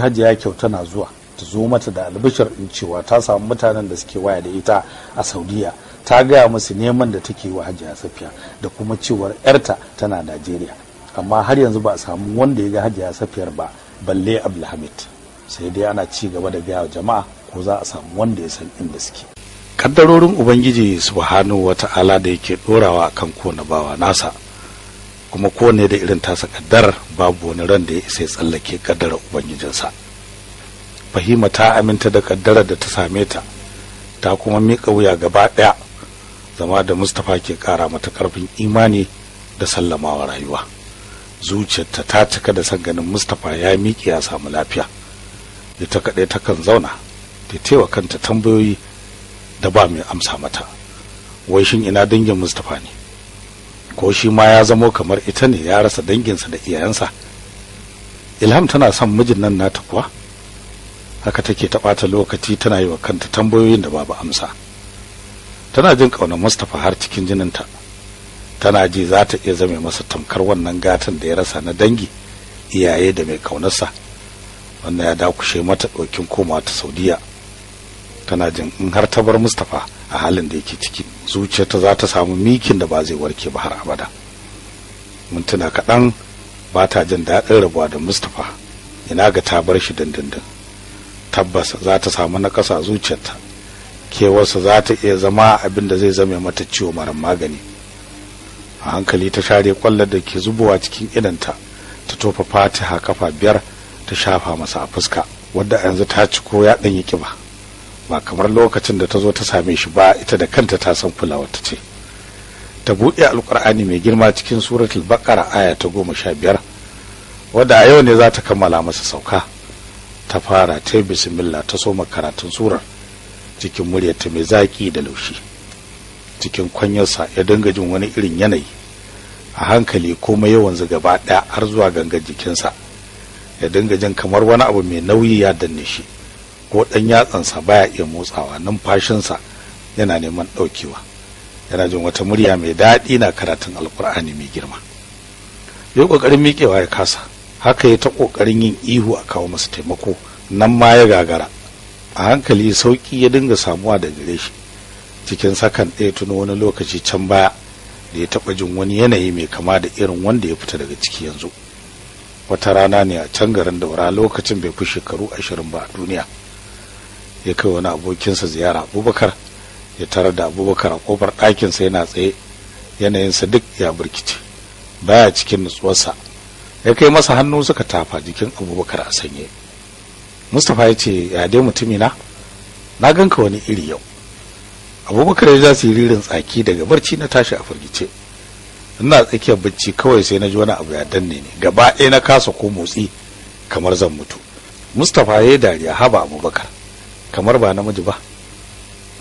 hajiya kyauta na zuwa ta zo mata da albishir in cewa ta samu mutanen da suke waya da ita a saudiya ta gaya musu neman da take wa hajiya safiya da kuma cewar yarta tana najeriya amma har yanzu ba a samu wanda ya ga hajiya safiyar ba balle abdulhamid sai dai ana ci gaba da gaya jama'a ko za a samu wanda ya san inda suke kaddarorin ubangiji subhanahu wata'ala da yake dorawa akan kona bawa nasa kuma kowane da irin tasa kaddar babu wani ran da ya isa ya tsallake kaddarar ubangijinsa fahima ta aminta da kaddarar da ta same ta ta kuma miƙa wuya gaba ɗaya zama da mustapha ke ƙara mata ƙarfin imani da sallamawa rayuwa zuciyarta ta cika da san ganin mustapha ya miƙe ya samu lafiya ita kaɗai kan zauna ta wa kanta tambayoyi da ba mai amsa mata wai shin ina dangin mustapha ne ko shi ma ya zamo kamar ita ne ya rasa danginsa da iyayensa ilham tana son mijin nan nata kuwa haka take ta ɓata lokaci tana yi wa kanta tambayoyin da babu amsa tana jin ƙaunar mustapha har cikin jininta tana ji za ta iya zame masa tamkar wannan gatan da ya rasa na dangi iyaye da mai ƙaunarsa wannan ya dakushe mata ɗaukin komawa ta saudiya kana jin in har ta bar mustapha a halin da yake ciki zuciyarta za ta samu mikin da ba zai warke ba har abada mintuna kaɗan ba ta jin daɗin rabuwa da mustapha ina ga ta bar shi dindindin tabbas za ta samu na ƙasa zuciyarta kewarsa za ta iya zama abin da zai zame mata ciwo mara magani a hankali ta share kwallar da ke zubowa cikin idanta ta tofa fatiha kafa biyar ta shafa masa a fuska wadda yanzu ta ci ko ya ɗanyi ƙiba ba kamar lokacin da ta zo ta same shi ba ita da kanta ta san kulawa ta ce ta buɗe alƙur'ani mai girma cikin suratul baqara aya ta goma sha biyar wadda a yau ne za ta kammala masa sauka ta fara ta bismillah ta soma karatun surar cikin muryarta mai zaƙi da laushi cikin kwanyarsa ya dinga jin wani irin yanayi a hankali komai yawan gaba ɗaya har zuwa ganga jikinsa ya dinga jin kamar wani abu mai nauyi ya danne shi ko ɗan yatsansa baya iya motsawa numfashinsa yana neman ɗaukewa yana jin wata murya mai daɗi na karatun alkur'ani mai girma yau ƙoƙarin miƙewa ya kasa haka ya ta ƙoƙarin yin ihu a kawo masa taimako nan ma ya gagara a hankali sauƙi ya dinga samuwa da gare shi cikin sakan ɗaya tuno wani lokaci can baya da ya taɓa jin wani yanayi mai kama da irin wanda ya fita daga ciki yanzu wata rana ne a can garin daura lokacin bai fi shekaru ashirin ba a duniya ya kai wani abokinsa ziyara abubakar ya tarar da abubakar a kofar ɗakinsa yana tsaye yanayinsa duk ya birkice baya cikin nutsuwarsa ya kai masa hannu suka tafa jikin abubakar a sanye mustapha ya ce ya dai mutumina na ganka wani iri yau abubakar ya ja ririn tsaki daga barci na tashi a firgice ina tsakiyar bacci kawai sai na ji wani abu ya danne ne gaba ɗaya na kasa ko motsi kamar zan mutu mustapha ya yi dariya haba abubakar kamar ba namiji ba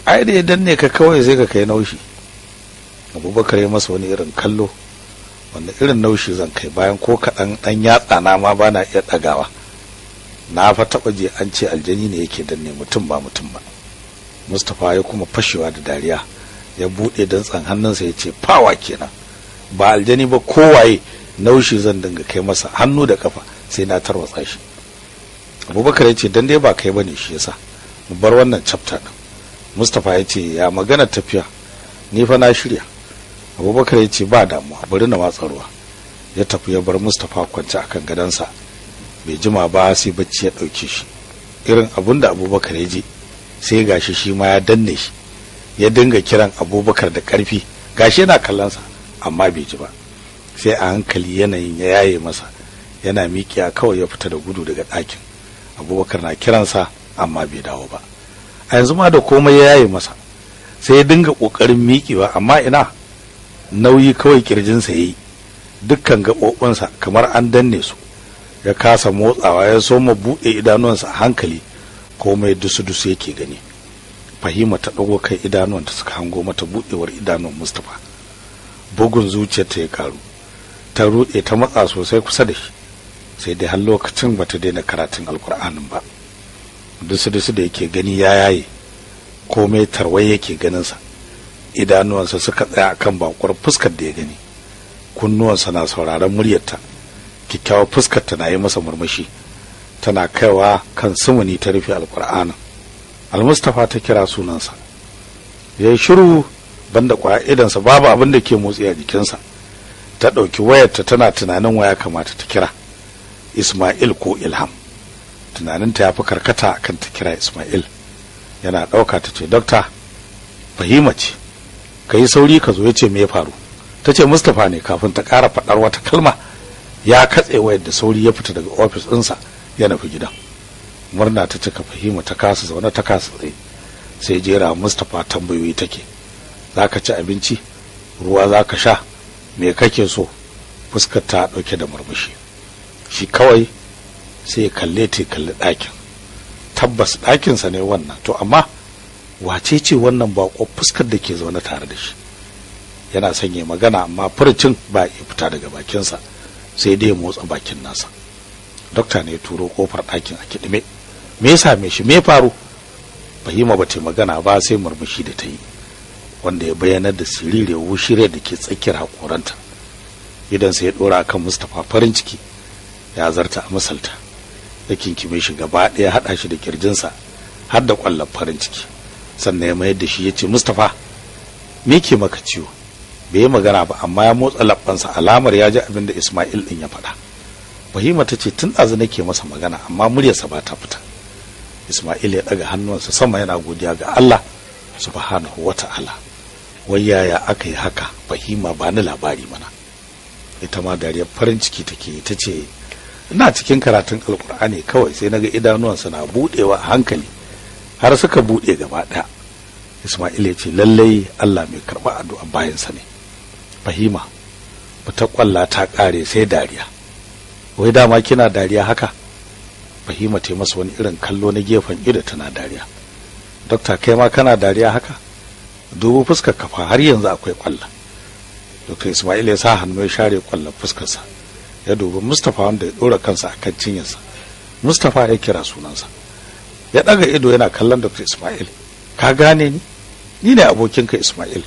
ai da ya danne ka kawai sai ka kai naushi abubakar ya masa wani irin kallo wanda irin naushi zan kai bayan ko kaɗan ɗan yatsa na ma ba na iya ɗagawa na fa taɓa je an ce aljani ne yake danne mutum ba mutum ba mustapha ya kuma fashewa da dariya ya buɗe dantsen hannunsa ya ce fawa kenan ba aljani ba kowaye naushi zan dinga kai masa hannu da kafa sai na tarwatsa shi abubakar ya ce dan dai ba kai bane shi yasa mu bar wannan chapter din mustapha ya ce ya magana tafiya ni fa na shirya abubakar ya ce ba damuwa bari na watsa ruwa ya tafi ya bar mustapha kwance a kan gadansa bai jima ba sai bacci ya ɗauke shi irin abun da abubakar ya je sai gashi shi ma ya danne shi ya dinga kiran abubakar da ƙarfi gashi yana kallonsa amma bai ji ba sai a hankali yanayin ya yaye masa yana miƙiya kawai ya fita da gudu daga ɗakin abubakar na kiransa amma bai dawo ba a yanzu ma da komai ya yi masa sai ya dinga ƙoƙarin ba amma ina nauyi kawai ƙirjinsa ya yi dukkan gaɓoɓinsa kamar an danne su ya kasa motsawa ya so ma buɗe idanuwansa a hankali komai dusu-dusu yake gani fahima ta ɗago kai idanuwanta suka hango mata buɗewar idanuwan mustapha bugun zuciyarta ya karu ta ruɗe ta matsa sosai kusa da shi sai dai har lokacin bata daina karatun alkur'anin ba dusu-dusu da yake gani ya yaye komai tarwai yake ganinsa idanuwansa suka tsaya a kan bakwar fuskar da ya gani kunnuwansa na sauraron muryarta kyakkyawar fuskar ta na yi masa murmushi tana kaiwa kan sumuni ta rufe alkur'anin almustapha ta kira sunansa ya yi shiru banda kwaya idansa babu abin da ke motsi a jikinsa ta ɗauki wayarta tana tunanin waya kamata ta kira ismail ko ilham tunaninta ya fi karkata kan ta kira ismail yana ɗauka ta ce dokta fahima ce ka yi sauri ka zo ya ce me ya faru ta ce mustapha ne kafin ta ƙara faɗar wata kalma ya katse wayar da sauri ya fita daga ofis ɗinsa ya nufi gidan murna ta cika fahima ta kasa zaune ta kasa tsaye sai jera mustapha tambayoyi take za ka ci abinci ruwa za ka sha me kake so fuskar ta ɗauke da murmushi shi kawai sai ya kalle ta kalli ɗakin tabbas ɗakinsa ne wannan to amma wace ce wannan ko fuskar da ke zaune tare da shi yana sanya magana amma furcin ba ya fita daga bakinsa sai dai motsa bakin nasa dokta ne ya turo kofar ɗakin a kiɗime me ya same shi me faru fahima ba ta magana ba sai murmushi da ta yi wanda ya bayyanar da sirire wushire da ke tsakiyar hakoranta idan sai ya ɗora kan mustapha farin ciki ya zarta a misalta ya kinkime shi gaba ɗaya haɗa shi da kirjinsa har da ƙwallon farin ciki sannan ya mayar da shi ya ce mustapha me ke maka ciwo bai yi magana ba amma ya motsa labbansa alamar ya ji abin da ismail ɗin ya faɗa fahima ta ce tun ɗazu nake masa magana amma muryarsa ba ta fita ismail ya ɗaga hannuwansa sama yana godiya ga allah subhanahu wa ta'ala wai yaya aka yi haka fahima ba ni labari mana ita ma dariyar farin ciki take ta ce ina cikin karatun alkur'ani kawai sai naga idanuwansa na budewa hankali har suka bude gaba ɗaya isma'il ya ce lallai allah mai karɓa addu'a bayansa ne fahima ta kwalla ta kare sai dariya wai dama kina dariya haka fahima ta masa wani irin kallo na gefen ido tana dariya dokta kai ma kana dariya haka dubu fuskar kafa har yanzu akwai kwallo dokta isma'il ya sa hannu ya share kwallon fuskarsa ya dubi mustapha wanda ya ɗora kansa a kan cinyarsa mustapha ya kira sunansa ya ɗaga ido yana kallon dr ismail ka gane ni ni ne abokinka ismail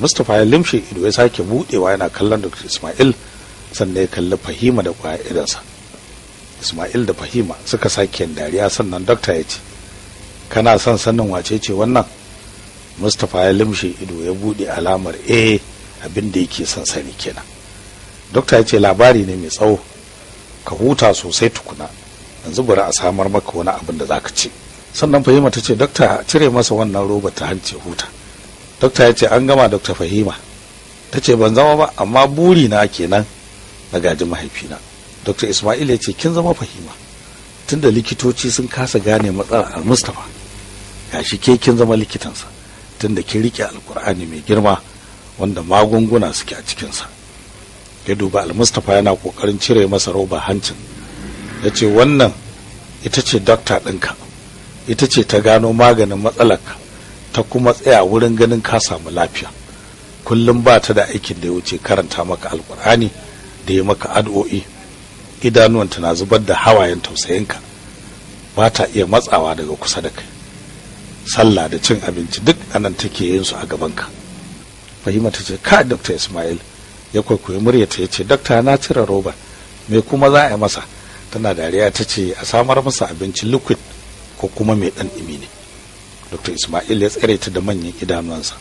mustapha ya limshe ido ya sake buɗewa yana kallon dr ismail sannan ya kalli fahima da kwaya idansa ismail da fahima suka sake dariya sannan dokta ya ce kana son sanin wace ce wannan mustapha ya limshe ido ya buɗe alamar eh abin da yake son sani kenan dokta ya ce labari ne mai tsawo ka huta sosai tukuna yanzu bari a samar maka wani abin da za ka ce sannan fahima ta ce dokta cire masa wannan roba ta hanci huta dokta ya ce an gama dokta fahima ta ce ban zama ba amma buri na kenan na gaji mahaifina dokta ismail ya ce kin zama fahima tunda likitoci sun kasa gane matsalar ya shi ke kin zama likitansa tunda kin rike alkur'ani mai girma wanda magunguna suke a cikinsa ya duba almustapha yana kokarin cire masa roba hancin ya ce wannan ita ce dokta ɗinka ita ce ta gano maganin matsalarka ta kuma tsaya wurin ganin ka samu lafiya kullum ba ta da aikin da ya wuce karanta maka alkur'ani da ya maka addu'o'i idanuwanta na zubar da hawayen tausayinka ba ta iya matsawa daga kusa da kai sallah da cin abinci duk anan take yin su a gabanka fahimta ce ka dr ismail ya kwaikwayi muryata ya ce dakta na cire roba me kuma za a yi masa tana dariya ta ce a samar masa abincin liquid ko kuma mai dan imi ne dr ismail ya tsare ta da manyan idanuwansa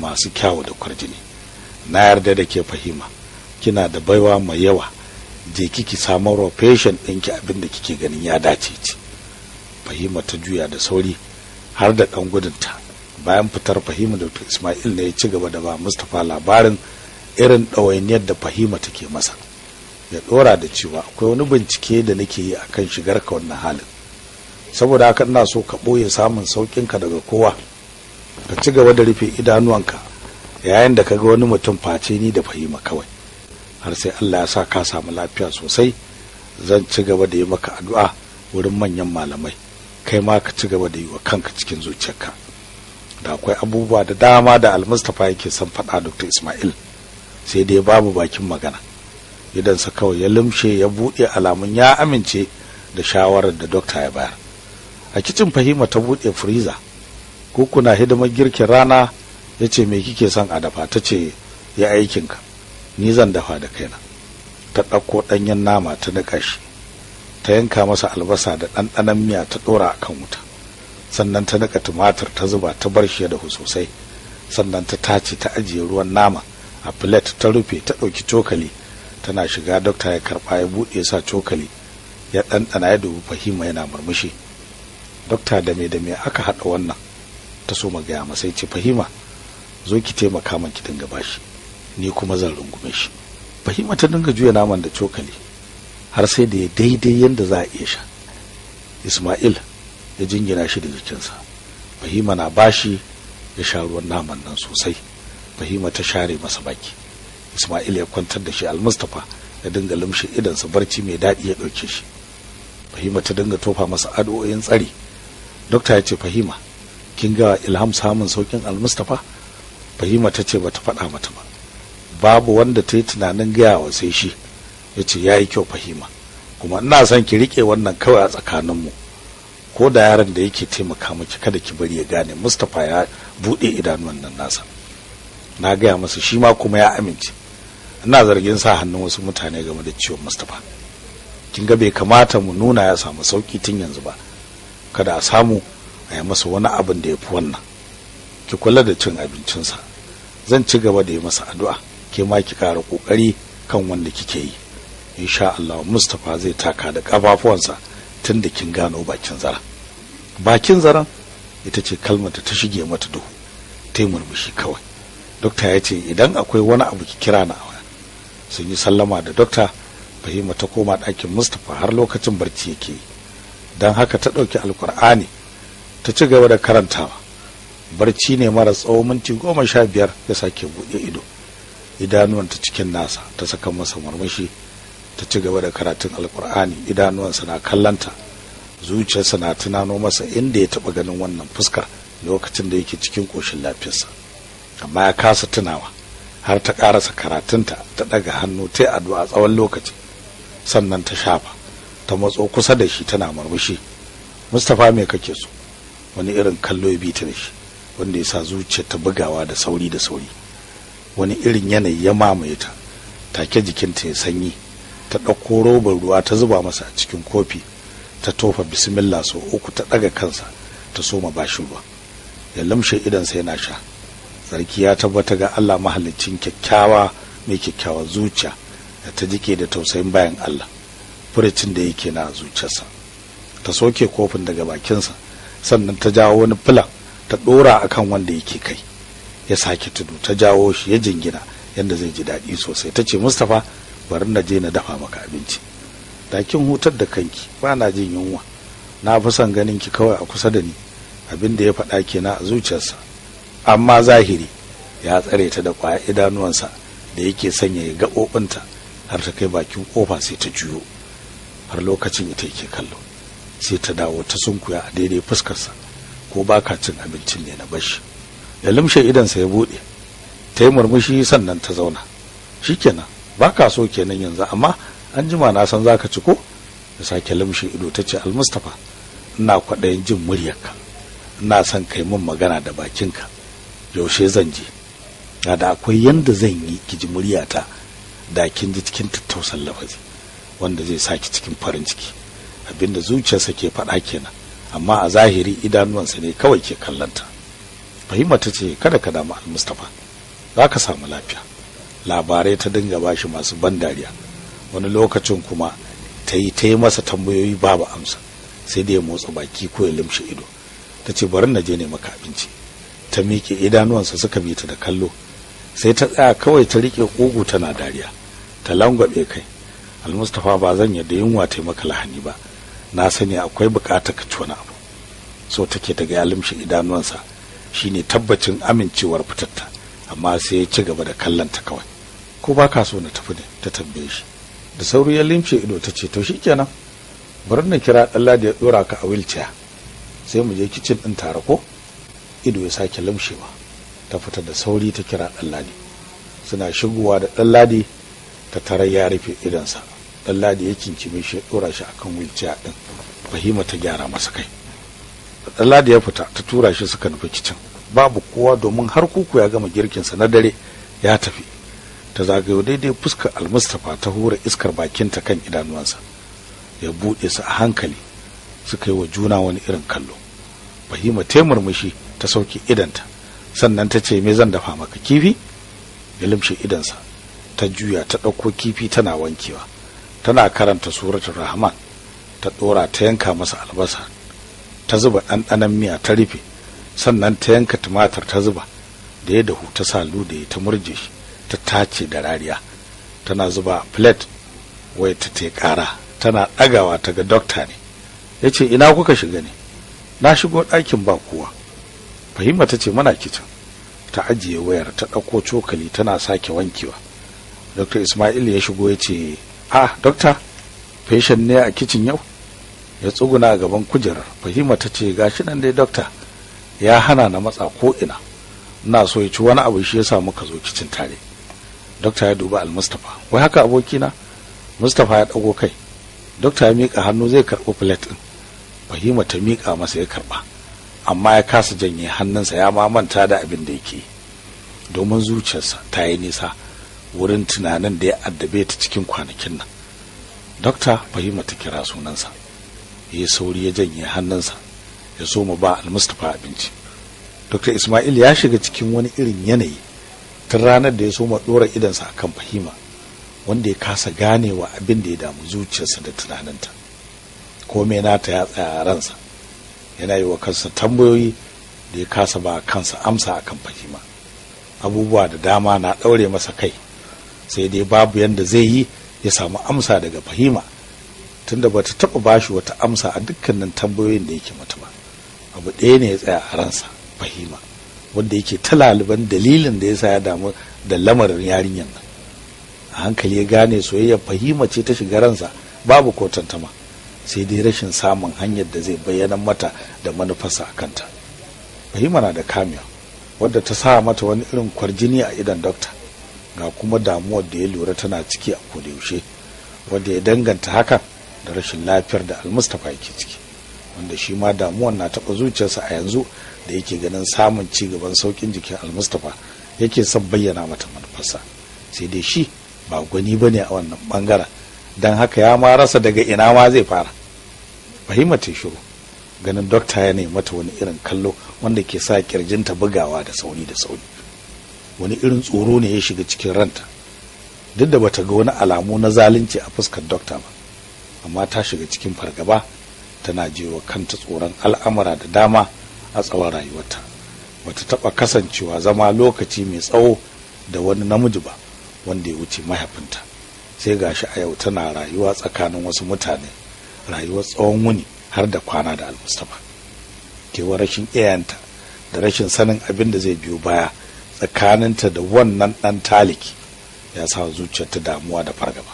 masu kyawu da kwarjini na yarda da ke fahima kina da baiwa mai yawa je kiki samar wa feshin ɗinki abin da kike ganin ya dace ci fahima ta juya da sauri har da ɗan gudunta bayan fitar fahima dr ismail ne ya ci gaba da ba mustapha labarin irin ɗawainiyar da fahima take masa ya ɗora da cewa akwai wani bincike da nake yi akan shigar ka wannan halin saboda haka ina so ka ɓoye samun ka daga kowa ka ci gaba da rufe idanuwanka yayin da ka ga wani mutum face ni da fahima kawai har sai allah ya sa ka samu lafiya sosai zan ci gaba da yi maka addu'a wurin manyan malamai kai ma ka ci gaba da yi wa kanka cikin zuciyarka da akwai abubuwa da dama da almustapha yake son faɗa dr ismail sai dai babu bakin magana idansa kawai ya lumshe ya buɗe alamun ya amince da shawarar da dokta ya bayar a kicin fahima ta buɗe firiza kukuna hidimar girkin rana ya ce me kike son a dafa ta ce ya aikinka ni zan dafa da kaina ta ɗauko ɗanyen nama ta niƙa shi ta yanka masa albasa da ɗanɗanon miya ta ɗora a kan wuta sannan ta niƙa tumatir ta zuba ta bar shi da sosai sannan ta tace ta ajiye ruwan nama a plate ta rufe ta ɗauki cokali tana shiga dokta ya karɓa ya buɗe sa cokali ya ɗanɗana ya dubi fahima yana murmushi dokta da me da me aka haɗa wannan ta so magaya masa ya ce fahima zo ki taimaka man ki dinga bashi ni kuma zan rungume shi fahima ta dinga juya naman da cokali har sai da ya daidai yadda za a iya sha ismail ya jingina shi da jikinsa fahima na bashi ya sha ruwan naman nan sosai fahima ta share masa baki ismail ya kwantar da shi almustapha ya dinga lumshe idansa barci mai daɗi ya ɗauke shi fahima ta dinga tofa masa addu'o'in tsari dokta ya ce fahima kin ga ilham samun saukin almustafa fahima ta ce bata faɗa mata ba babu wanda ta yi tunanin gaya wa sai shi ya ce ya yi kyau fahima kuma ina son ki riƙe wannan kawai a tsakaninmu ko da yaron da yake taimaka miki kada ki bari ya gane mustapha ya buɗe idanuwan nan nasa na gaya masa shi ma kuma ya amince ina zargin sa hannun wasu mutane game da ciwon mustapha kin ga bai kamata mu nuna ya samu sauki tun yanzu ba kada a samu a yi masa wani abin da ya fi wannan ki kula da cin abincinsa zan ci gaba da yi masa addu'a ke ma ki kara kokari kan wanda kike yi sha Allah Mustapha zai taka da kafafuwansa tun da kin gano bakin zara bakin zaran ita ce kalmar ta shige mata duhu ta yi murmushi kawai dokta ya ce idan akwai wani abu ki kira na sun yi sallama da dokta fahima ta koma ɗakin mustapha har lokacin barci yake don haka ta ɗauki alkur'ani ta ci gaba da karantawa barci ne mara tsawon minti goma sha biyar ya sake buɗe ido idanuwanta cikin nasa ta saka masa murmushi ta ci gaba da karatun alkur'ani idanuwansa na kallanta zuciyarsa na tunano masa inda ya taɓa ganin wannan fuskar lokacin da yake cikin ƙoshin lafiyarsa amma ya kasa tunawa har ta karasa karatunta ta daga hannu ta addu'a tsawon lokaci sannan ta shafa ta matso kusa da shi tana murmushi mustapha me kake so wani irin kallo ya bi da shi wanda ya sa zuciya ta bugawa da sauri da sauri wani irin yanayi ya mamaye ta take jikinta ya sanyi ta ɗauko robar ruwa ta zuba masa a cikin kofi ta tofa bismillah sau uku ta ɗaga kansa ta soma bashin ruwa ya lamshe idansa yana sha sarki ya tabbata ga Allah mahallicin kyakkyawa mai kyakkyawa zuciya da ta jike da tausayin bayan Allah furicin da yake na zuciyarsa ta soke kofin daga bakinsa sannan ta jawo wani filan ta ɗora akan wanda yake kai ya sake tudu ta jawo shi ya jingina yadda zai ji daɗi sosai ta ce mustapha bari na je na dafa maka abinci dakin hutar da kanki ba na jin yunwa na fi son ganin ki kawai a kusa da ni abin da ya faɗa kenan a zuciyarsa amma zahiri ya tsare ta da ƙwaya idanuwansa da yake sanya ya gaɓoɓinta har ta kai bakin ƙofa sai ta juyo har lokacin ita yake kallo sai ta dawo ta sunkuya a daidai fuskarsa ko ba ka cin abincin ne na bashi ya lumshe idansa ya buɗe ta yi murmushi sannan ta zauna shikenan ba ka so kenan yanzu amma an jima na san za ka ci ko ya sake lumshe ido ta ce almustapha ina kwaɗayin jin muryarka ina son kai min magana da bakinka yaushe zan je na da akwai yanda zan yi ki ji muryata da kin ji cikin tattausan lafazi wanda zai sa ki cikin farin ciki abinda zuciyarsa ke faɗa kenan amma a zahiri idanuwansa ne kawai ke kallanta fahimta ta ce kada ka damu almustafa za ka samu lafiya labarai ta dinga bashi masu ban dariya wani lokacin kuma ta yi ta yi masa tambayoyi babu amsa sai da ya motsa baki ko ya limshe ido ta ce bari na je ne maka abinci ta miƙe idanuwansa suka bi ta da kallo sai ta tsaya kawai ta riƙe ƙugu tana dariya ta langwaɓe kai almustafa ba zan yadda yunwa ta maka lahani ba na sani akwai buƙatar ka ci wani abu so take ta ga ya limshe idanuwansa ne tabbacin amincewar fitarta amma sai ya ci gaba da kallon ta kawai ko ba ka so na tafi ne ta tambaye shi da sauri ya limshe ido ta ce to shikenan bari na kira ɗalla da ya ɗora ka a wilciya sai mu je kicin ɗin tare ko ido ya sake lamshewa ta fita da sauri ta kira ɗanladi suna shigowa da ladi ta tarar ya rufe idonsa ɗanladi ya kinkime shi ya tura shi akan wilciya din fahima ta gyara masa kai ladi ya fita ta tura shi suka nufi kicin babu kowa domin har kuku ya gama girkin sa na dare ya tafi ta zagayo daidai fuskar almustapha ta hura iskar bakin ta kan idanuwansa ya buɗe su a hankali suka yi wa juna wani irin kallo bahima ta murmushi ta sauke idanta sannan ta ce me zan dafa maka kifi ya limshe idansa ta juya ta ɗauko kifi tana wankewa tana karanta suratul rahman ta ɗora ta yanka masa albasa ta zuba ɗanɗanon miya ta rufe sannan ta yanka tumatir ta zuba da ya dahu ta sa lude ta murje shi ta tace da rariya tana zuba plate wai ta te ƙara tana ɗagawa ta ga dokta ne ya ce ina kuka shiga ne na shigo ɗakin ba kowa fahima ta ce muna kicin ta ajiye wayar ta ɗauko cokali tana sake wankewa dr ismail ya shigo ya ce a dokta feshin ne a kicin yau ya tsuguna a gaban kujerar fahima ta ce gashi nan dai dokta ya hana na matsa ko ina ina so ya ci wani abu shi ya samu ka zo kicin tare dokta ya duba almustapha wai haka abokina mustapha ya ɗago kai dokta ya miƙa hannu zai karɓi plate ɗin fahima ta miƙa masa ya karɓa amma ya kasa janye hannunsa ya ma manta da abin da yake domin zuciyarsa ta yi nisa wurin tunanin da ya addabe ta cikin kwanakin nan dokta fahima ta kira sunansa ya yi sauri ya janye hannunsa ya so mu ba almustafa abinci dokta ismail ya shiga cikin wani irin yanayi tun ranar da ya so ma ɗora idansa akan fahima wanda ya kasa ganewa abin da ya damu zuciyarsa da tunaninta komai nata ya tsaya a ransa yana yi wa kansa tambayoyi da ya kasa ba kansa amsa a kan fahima abubuwa da dama na ɗaure masa kai sai dai babu yadda zai yi ya samu amsa daga fahima tunda ba ta taɓa bashi wata amsa a dukkanin tambayoyin da yake mata ba abu ɗaya ne ya tsaya a ransa fahima wanda yake ta laliban dalilin da ya sa ya damu da lamarin yarinyar nan a hankali ya gane soyayyar fahima ce ta shiga ransa babu ko tantama sai dai rashin samun hanyar da zai bayyana mata da manufarsa a kanta fahima na da kamiya wadda ta sa mata wani irin kwarjini a idan dokta ga kuma damuwar da ya lura tana ciki a kodayaushe wadda ya danganta haka da rashin lafiyar da almustapha yake ciki wanda shi ma damuwar na taɓa zuciyarsa a yanzu da yake ganin samun ci gaban sauƙin jikin almustapha yake son bayyana mata manufarsa sai dai shi ba gwani ba ne a wannan ɓangaren. don haka ya ma rasa daga ina ma zai fara fahimta ta shiru ganin dokta ya nemi mata wani irin kallo wanda ke sa kirjinta bugawa da sauri da sauri wani irin tsoro ne ya shiga cikin ranta duk da bata ga wani alamu na zalunci a fuskar dokta ba amma ta shiga cikin fargaba tana jewa kanta tsoron al'amura da dama a tsawon rayuwarta bata taba kasancewa zama lokaci mai tsawo da wani namiji ba wanda ya wuce mahaifinta sai gashi a yau tana rayuwa tsakanin wasu mutane rayuwar tsawon wuni har da kwana da almustafa kewa rashin iyayenta da rashin sanin abin da zai biyo baya tsakaninta da wannan ɗan taliki ya sa zuciyarta damuwa da fargaba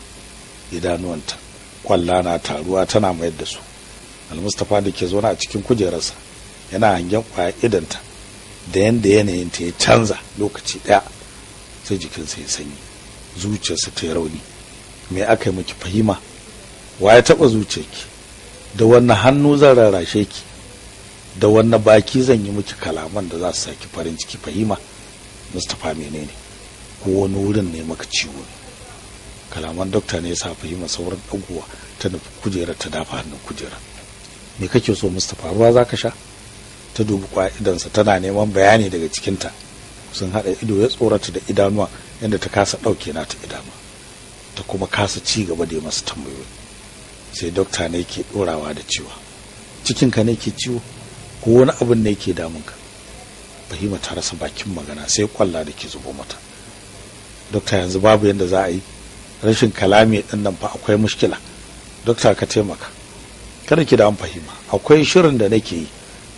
idanuwanta kwalla na taruwa tana mayar da su almustafa da ke zaune a cikin kujerarsa yana hangen kwaya idanta da yanda yanayinta ya canza lokaci ɗaya sai jikinsa ya sanyi zuciyarsa ta yi rauni me aka yi miki fahima wa ya taɓa zuce ki da wannan hannu zan rarrashe ki da wannan baki zan yi miki kalaman da za su saki farin ciki fahima mustapha menene ko wani wurin ne maka ciwo ne kalaman dokta ne ya sa fahima sauran ɗaguwa ta nufi kujera ta dafa hannun kujera me kake so mustapha ruwa za ka sha ta dubi kwa tana neman bayani daga cikinta sun haɗa ido ya tsorata da idanuwa yadda ta kasa ɗauke nata idanuwa ta kuma kasa ci gaba da masa tambayoyi sai dokta ne ke ɗorawa da cewa cikinka ne ke ciwo ko wani abin ne ke damunka fahima ta rasa bakin magana sai kwalla da ke zubo mata dokta yanzu babu yadda za a yi rashin kalami ɗin nan fa akwai mushkila dokta ka taimaka kada ki da an fahima akwai shirin da nake yi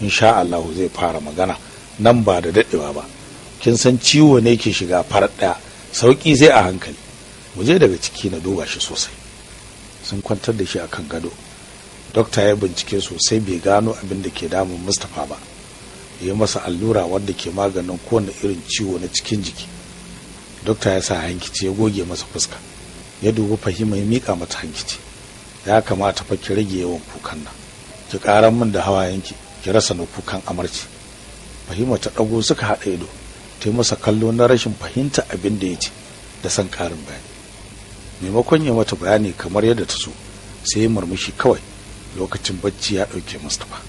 insha Allah zai fara magana nan ba da daɗewa ba kin san ciwo ne ke shiga farat ɗaya sauƙi sai a hankali mu je daga ciki na duba shi sosai sun kwantar da shi a kan gado dokta ya bincike sosai bai gano abin da ke damun mustapha ba ya masa allura wadda ke maganin kowane irin ciwo na cikin jiki dokta ya sa hankici ya goge masa fuska ya dubi fahima ya miƙa mata hankici ya kamata fa ki rage yawan kukan nan ki ƙaran min da hawayenki ki rasa na kukan amarci fahima ta ɗago suka haɗa ido ta yi masa kallo na rashin fahimta abin da ya ce da san ƙarin bayani maimakon ya mata bayani kamar yadda ta so sai murmushi kawai lokacin bacci ya ɗauke mustapha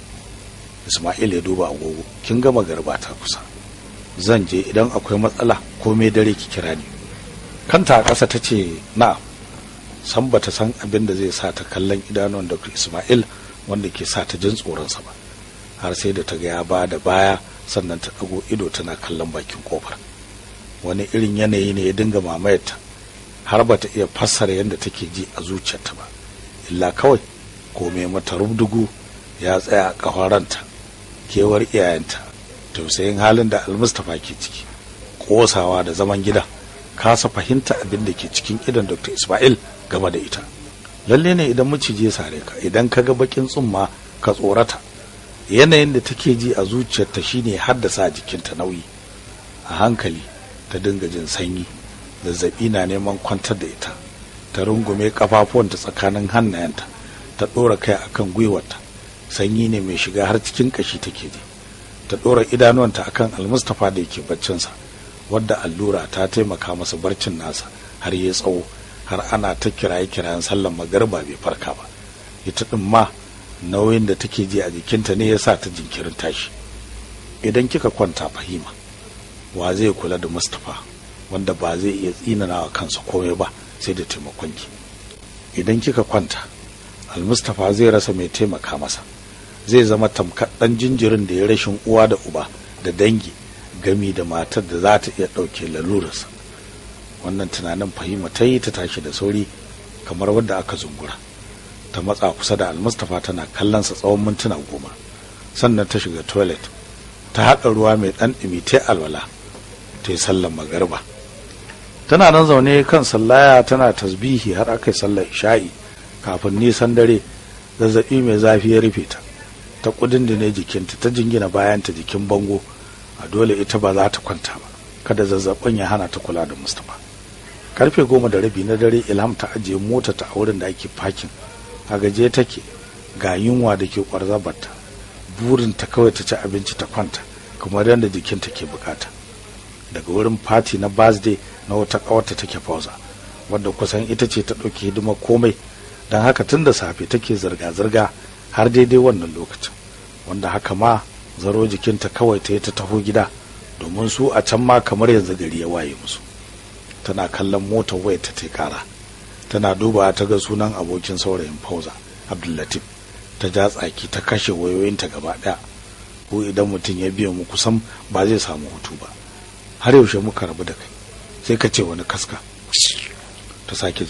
ismail ya duba agogo kin gama garba ta kusa zan je idan akwai matsala ko komai dare ki kira ni kanta a ƙasa ta ce na san bata san abin da zai sa ta kallon idanuwan dr ismail wanda ke sa ta jin tsoronsa ba har sai da ta ga ya ba da baya sannan ta ɗago ido tana kallon bakin kofar wani irin yanayi ne ya dinga mamayarta har bata iya fassara yadda take ji a zuciyarta ba illa kawai komai mata rubdugu ya tsaya a kafaranta kewar iyayenta tausayin halin da almustapha ke ciki Kosawa da zaman gida kasa fahimta abin da ke cikin idan dr ismail game da ita lalle ne idan maciji ya sare ka idan ka ga bakin tsumma ka tsorata yanayin da take ji a zuciyarta shine haddasa jikinta nauyi a hankali ta dinga jin sanyi zazzabi na neman kwantar da ita ta rungume kafafuwanta tsakanin hannayenta ta ɗora kai akan gwiwarta sanyi ne mai shiga har cikin kashi take ji ta ɗora idanuwanta akan almustapha da yake baccinsa wadda allura ta taimaka masa barcin nasa har ya tsawo har ana ta kiraye kirayen sallan magarba bai farka ba ita ɗin ma nauyin da take ji a jikinta ne ya sa ta jinkirin tashi idan kika kwanta fahima wa zai kula da mustapha wanda ba zai iya tsinana wa kansa komai ba sai da taimakon ki idan kika kwanta almustafa zai rasa mai taimaka masa zai zama tamkar dan jinjirin da ya rashin uwa da uba da dangi gami da matar da za ta iya ɗauke lalurarsa wannan tunanin fahima ta yi ta tashi da sauri kamar wadda aka zungura ta matsa kusa da almustafa tana kallon sa tsawon mintuna goma sannan ta shiga toilet ta haɗa ruwa mai ɗan ɗumi ta alwala ta yi sallan magariba tana nan zaune kan sallaya tana tasbihi har aka yi sallar isha'i kafin nisan dare zazzabi mai zafi ya rufe ta ta kudin da ne jikinta ta jingina bayanta jikin bango a dole ita ba za ta kwanta ba kada zazzabin ya hana ta kula da mustapha karfe goma da rabi na dare ilham ta ajiye mota ta a wurin da ake fakin a gaje take ga yunwa da ke kwarzabarta ta kawai ta ci abinci ta kwanta kamar yadda jikinta ke bukata daga wurin fati na birthday na wata kawata take fauza wadda kusan ita ce ta ɗauki hidimar komai don haka tun da safe take zirga-zirga har daidai wannan lokacin wanda haka ma zaro jikinta kawai ta yi ta taho gida domin su a can ma kamar yanzu gari ya waye musu tana kallon motar wayar ta kara tana duba ta ga sunan abokin saurayin fauza abdullatif ta ja tsaki ta kashe wayoyinta gaba ɗaya ko idan mutum ya biya mu kusan ba zai samu hutu ba har yaushe muka rabu da kai sai ka ce wani kaska ta sake